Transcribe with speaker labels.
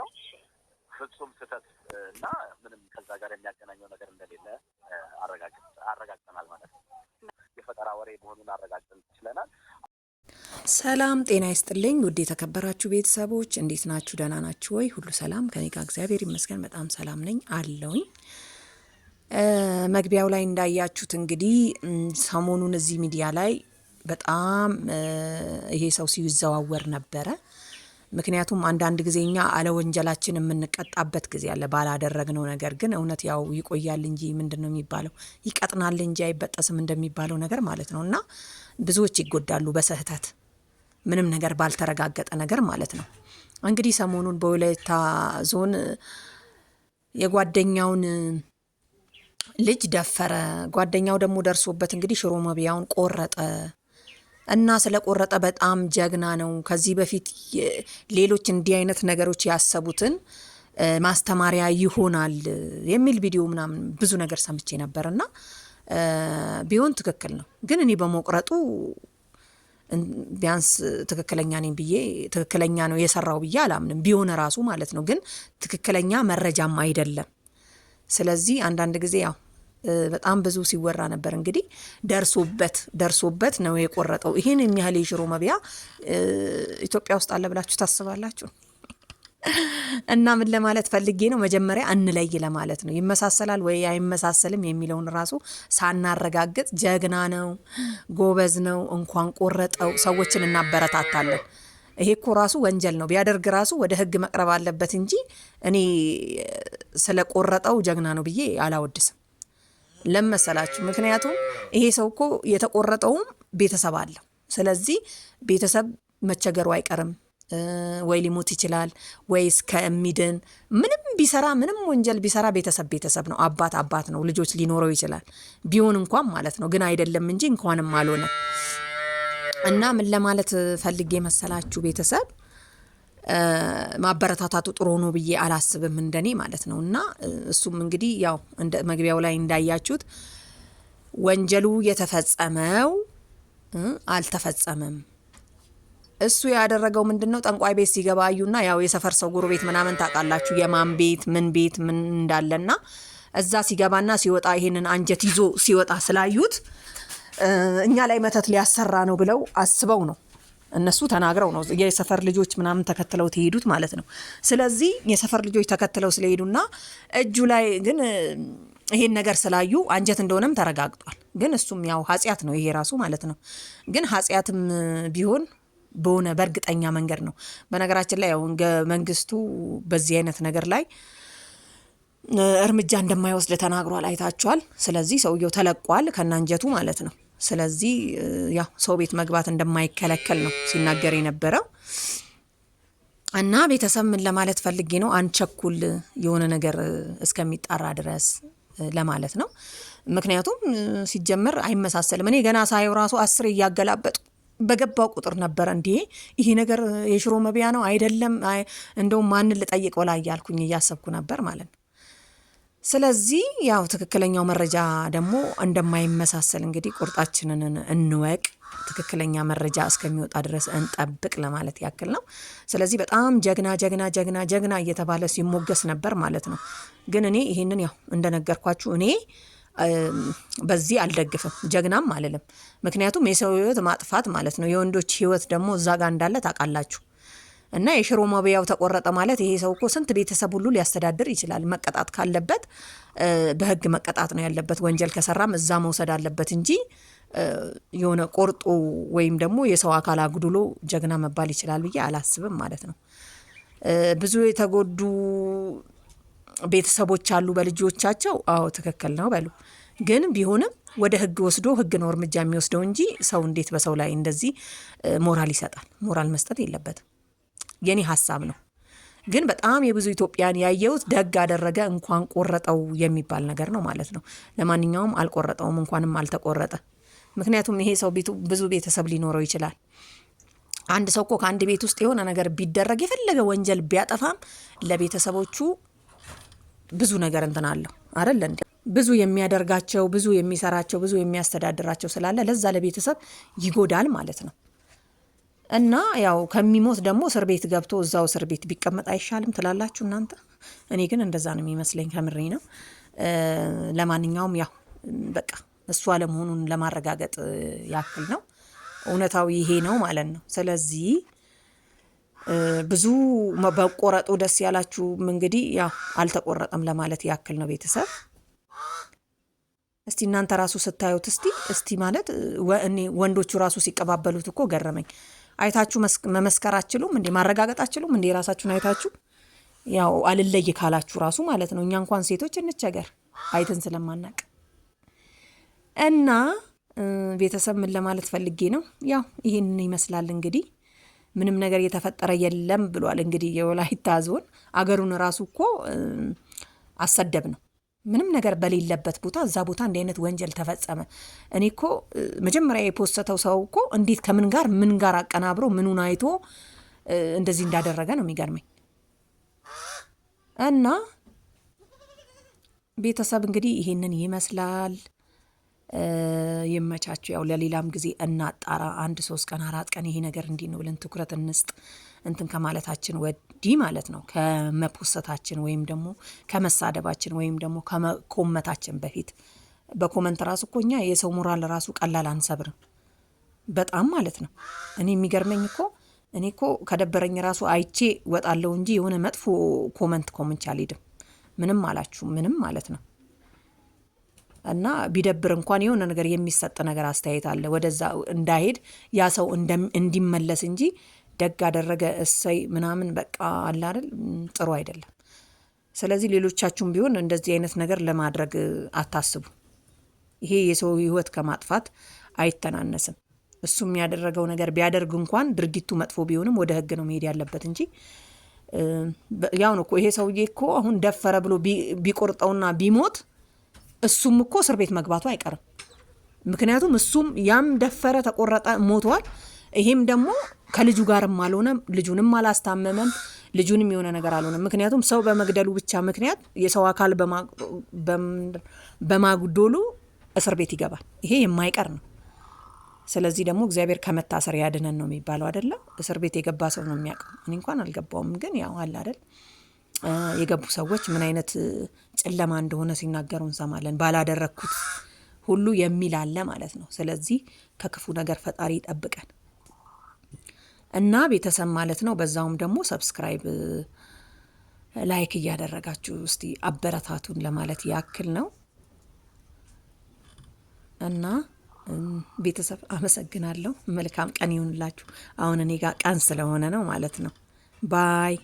Speaker 1: ነው ፍጹም ስህተት እና ምንም ከዛ ጋር የሚያገናኘው ነገር እንደሌለ አረጋግጠናል ማለት ነው። የፈጠራ ወሬ መሆኑን አረጋግጠን ችለናል። ሰላም ጤና ይስጥልኝ ውድ የተከበራችሁ ቤተሰቦች እንዴት ናችሁ? ደህና ናችሁ ወይ? ሁሉ ሰላም ከኔ ጋር እግዚአብሔር ይመስገን በጣም ሰላም ነኝ አለውኝ። መግቢያው ላይ እንዳያችሁት እንግዲህ ሰሞኑን እዚህ ሚዲያ ላይ በጣም ይሄ ሰው ሲዘዋወር ነበረ። ምክንያቱም አንዳንድ ጊዜ እኛ የምንቀጣበት ጊዜ አለ ባላደረግነው ነገር። ግን እውነት ያው ይቆያል እንጂ ምንድን ነው የሚባለው ይቀጥናል እንጂ አይበጠስም እንደሚባለው ነገር ማለት ነው። እና ብዙዎች ይጎዳሉ በስህተት ምንም ነገር ባልተረጋገጠ ነገር ማለት ነው። እንግዲህ ሰሞኑን በወላይታ ዞን የጓደኛውን ልጅ ደፈረ። ጓደኛው ደግሞ ደርሶበት እንግዲህ ሽሮ መብያውን ቆረጠ። እና ስለቆረጠ በጣም ጀግና ነው። ከዚህ በፊት ሌሎች እንዲህ አይነት ነገሮች ያሰቡትን ማስተማሪያ ይሆናል የሚል ቪዲዮ ምናምን ብዙ ነገር ሰምቼ ነበር እና ቢሆን ትክክል ነው። ግን እኔ በመቁረጡ ቢያንስ ትክክለኛ ነኝ ብዬ ትክክለኛ ነው የሰራው ብዬ አላምንም። ቢሆን ራሱ ማለት ነው። ግን ትክክለኛ መረጃም አይደለም። ስለዚህ አንዳንድ ጊዜ ያው በጣም ብዙ ሲወራ ነበር። እንግዲህ ደርሶበት ደርሶበት ነው የቆረጠው። ይህን የሚያህል የሽሮ መብያ ኢትዮጵያ ውስጥ አለ ብላችሁ ታስባላችሁ? እና ምን ለማለት ፈልጌ ነው፣ መጀመሪያ እንለይ ለማለት ነው። ይመሳሰላል ወይ አይመሳሰልም የሚለውን ራሱ ሳናረጋግጥ ጀግና ነው፣ ጎበዝ ነው፣ እንኳን ቆረጠው፣ ሰዎችን እናበረታታለን። ይሄ እኮ ራሱ ወንጀል ነው። ቢያደርግ ራሱ ወደ ሕግ መቅረብ አለበት እንጂ እኔ ስለቆረጠው ጀግና ነው ብዬ አላወድስም። ለመሰላችሁ ምክንያቱም ይሄ ሰው እኮ የተቆረጠውም ቤተሰብ አለው። ስለዚህ ቤተሰብ መቸገሩ አይቀርም። ወይ ሊሞት ይችላል ወይ እስከሚድን ምንም ቢሰራ ምንም ወንጀል ቢሰራ ቤተሰብ ቤተሰብ ነው። አባት አባት ነው። ልጆች ሊኖረው ይችላል ቢሆን እንኳን ማለት ነው። ግን አይደለም እንጂ እንኳንም አልሆነ እና ምን ለማለት ፈልጌ መሰላችሁ ቤተሰብ ማበረታታቱ ጥሩ ነው ብዬ አላስብም፣ እንደኔ ማለት ነው። እና እሱም እንግዲህ ያው እንደ መግቢያው ላይ እንዳያችሁት ወንጀሉ የተፈጸመው አልተፈጸመም። እሱ ያደረገው ምንድን ነው? ጠንቋይ ቤት ሲገባ አዩና፣ ያው የሰፈር ሰው ቤት ምናምን ታውቃላችሁ፣ የማን ቤት ምን ቤት ምን እንዳለና እዛ ሲገባና ሲወጣ ይሄንን አንጀት ይዞ ሲወጣ ስላዩት እኛ ላይ መተት ሊያሰራ ነው ብለው አስበው ነው እነሱ ተናግረው ነው የሰፈር ልጆች ምናምን ተከትለው ትሄዱት ማለት ነው። ስለዚህ የሰፈር ልጆች ተከትለው ስለሄዱና እጁ ላይ ግን ይሄን ነገር ስላዩ አንጀት እንደሆነም ተረጋግጧል። ግን እሱም ያው ኃጢአት ነው ይሄ ራሱ ማለት ነው። ግን ኃጢአትም ቢሆን በሆነ በእርግጠኛ መንገድ ነው። በነገራችን ላይ ያው መንግስቱ በዚህ አይነት ነገር ላይ እርምጃ እንደማይወስድ ተናግሯል። አይታችኋል። ስለዚህ ሰውየው ተለቋል ከናንጀቱ ማለት ነው። ስለዚህ ያው ሰው ቤት መግባት እንደማይከለከል ነው ሲናገር የነበረው እና ቤተሰብ ምን ለማለት ፈልጌ ነው፣ አንቸኩል የሆነ ነገር እስከሚጣራ ድረስ ለማለት ነው። ምክንያቱም ሲጀመር አይመሳሰልም። እኔ ገና ሳየው ራሱ አስር እያገላበጡ በገባው ቁጥር ነበረ እንዲህ ይሄ ነገር የሽሮ መብያ ነው አይደለም፣ እንደውም ማንን ልጠይቅ ወላ እያልኩኝ እያሰብኩ ነበር ማለት ነው። ስለዚህ ያው ትክክለኛው መረጃ ደግሞ እንደማይመሳሰል እንግዲህ ቁርጣችንን እንወቅ። ትክክለኛ መረጃ እስከሚወጣ ድረስ እንጠብቅ ለማለት ያክል ነው። ስለዚህ በጣም ጀግና ጀግና ጀግና ጀግና እየተባለ ሲሞገስ ነበር ማለት ነው። ግን እኔ ይህንን ያው እንደነገርኳችሁ እኔ በዚህ አልደግፍም፣ ጀግናም አልልም። ምክንያቱም የሰው ህይወት ማጥፋት ማለት ነው። የወንዶች ህይወት ደግሞ እዛ ጋር እንዳለ ታውቃላችሁ። እና የሽሮ መብያው ተቆረጠ ማለት ይሄ ሰው እኮ ስንት ቤተሰብ ሁሉ ሊያስተዳድር ይችላል። መቀጣት ካለበት በህግ መቀጣት ነው ያለበት። ወንጀል ከሰራም እዛ መውሰድ አለበት እንጂ የሆነ ቆርጦ ወይም ደግሞ የሰው አካል አጉድሎ ጀግና መባል ይችላል ብዬ አላስብም ማለት ነው። ብዙ የተጎዱ ቤተሰቦች አሉ በልጆቻቸው። አዎ ትክክል ነው በሉ። ግን ቢሆንም ወደ ህግ ወስዶ ህግ ነው እርምጃ የሚወስደው እንጂ ሰው እንዴት በሰው ላይ እንደዚህ ሞራል ይሰጣል? ሞራል መስጠት የለበትም። የኔ ሀሳብ ነው። ግን በጣም የብዙ ኢትዮጵያን ያየሁት ደግ አደረገ እንኳን ቆረጠው የሚባል ነገር ነው ማለት ነው። ለማንኛውም አልቆረጠውም፣ እንኳንም አልተቆረጠ። ምክንያቱም ይሄ ሰው ብዙ ቤተሰብ ሊኖረው ይችላል። አንድ ሰው እኮ ከአንድ ቤት ውስጥ የሆነ ነገር ቢደረግ የፈለገ ወንጀል ቢያጠፋም ለቤተሰቦቹ ብዙ ነገር እንትን አለው አደለ እንዴ? ብዙ የሚያደርጋቸው ብዙ የሚሰራቸው ብዙ የሚያስተዳድራቸው ስላለ ለዛ ለቤተሰብ ይጎዳል ማለት ነው። እና ያው ከሚሞት ደግሞ እስር ቤት ገብቶ እዛው እስር ቤት ቢቀመጥ አይሻልም ትላላችሁ እናንተ? እኔ ግን እንደዛ ነው የሚመስለኝ፣ ከምሬ ነው። ለማንኛውም ያው በቃ እሱ አለመሆኑን ለማረጋገጥ ያክል ነው። እውነታው ይሄ ነው ማለት ነው። ስለዚህ ብዙ በቆረጡ ደስ ያላችሁም እንግዲህ ያው አልተቆረጠም ለማለት ያክል ነው ቤተሰብ እስቲ እናንተ ራሱ ስታዩት እስቲ እስቲ ማለት እኔ ወንዶቹ ራሱ ሲቀባበሉት እኮ ገረመኝ። አይታችሁ መመስከር አችሉም እንዴ? ማረጋገጥ አችሉም እንዴ? ራሳችሁን አይታችሁ ያው አልለይ ካላችሁ ራሱ ማለት ነው። እኛ እንኳን ሴቶች እንቸገር አይተን ስለማናቅ እና ቤተሰብ ምን ለማለት ፈልጌ ነው፣ ያው ይህን ይመስላል እንግዲህ ምንም ነገር እየተፈጠረ የለም ብሏል። እንግዲህ የወላይታ ዞን አገሩን ራሱ እኮ አሰደብ ነው ምንም ነገር በሌለበት ቦታ እዛ ቦታ እንዲህ አይነት ወንጀል ተፈጸመ። እኔ እኮ መጀመሪያ የፖሰተው ሰው እኮ እንዴት ከምን ጋር ምን ጋር አቀናብሮ ምኑን አይቶ እንደዚህ እንዳደረገ ነው የሚገርመኝ። እና ቤተሰብ እንግዲህ ይሄንን ይመስላል። የመቻቸው ያው ለሌላም ጊዜ እናጣራ። አንድ ሶስት ቀን አራት ቀን ይሄ ነገር እንዲህ ነው ብለን ትኩረት እንስጥ እንትን ከማለታችን ወዲህ ማለት ነው ከመፖሰታችን ወይም ደግሞ ከመሳደባችን ወይም ደግሞ ከመኮመታችን በፊት በኮመንት ራሱ እኮ እኛ የሰው ሞራል ራሱ ቀላል አንሰብርም፣ በጣም ማለት ነው። እኔ የሚገርመኝ እኮ እኔ እኮ ከደበረኝ ራሱ አይቼ ወጣለው እንጂ የሆነ መጥፎ ኮመንት ኮምንች አልሄድም። ምንም አላችሁ ምንም ማለት ነው። እና ቢደብር እንኳን የሆነ ነገር የሚሰጥ ነገር አስተያየት አለ። ወደዛ እንዳሄድ ያ ሰው እንዲመለስ እንጂ ደግ አደረገ እሰይ ምናምን በቃ አለ አይደል፣ ጥሩ አይደለም። ስለዚህ ሌሎቻችሁም ቢሆን እንደዚህ አይነት ነገር ለማድረግ አታስቡ። ይሄ የሰው ህይወት ከማጥፋት አይተናነስም። እሱም ያደረገው ነገር ቢያደርግ እንኳን ድርጊቱ መጥፎ ቢሆንም ወደ ህግ ነው መሄድ ያለበት እንጂ ያው ነው እኮ ይሄ ሰውዬ እኮ አሁን ደፈረ ብሎ ቢቆርጠውና ቢሞት እሱም እኮ እስር ቤት መግባቱ አይቀርም። ምክንያቱም እሱም ያም ደፈረ፣ ተቆረጠ፣ ሞቷል። ይሄም ደግሞ ከልጁ ጋርም አልሆነም፣ ልጁንም አላስታመመም፣ ልጁንም የሆነ ነገር አልሆነም። ምክንያቱም ሰው በመግደሉ ብቻ ምክንያት የሰው አካል በማጉዶሉ እስር ቤት ይገባል። ይሄ የማይቀር ነው። ስለዚህ ደግሞ እግዚአብሔር ከመታሰር ያድነን ነው የሚባለው አይደለም። እስር ቤት የገባ ሰው ነው የሚያውቀው። እኔ እንኳን አልገባውም፣ ግን ያው አለ አይደል የገቡ ሰዎች ምን አይነት ጨለማ እንደሆነ ሲናገሩ እንሰማለን። ባላደረግኩት ሁሉ የሚል አለ ማለት ነው። ስለዚህ ከክፉ ነገር ፈጣሪ ይጠብቀን እና ቤተሰብ ማለት ነው። በዛውም ደግሞ ሰብስክራይብ፣ ላይክ እያደረጋችሁ እስቲ አበረታቱን ለማለት ያክል ነው እና ቤተሰብ አመሰግናለሁ። መልካም ቀን ይሁንላችሁ። አሁን እኔ ጋር ቀን ስለሆነ ነው ማለት ነው። ባይ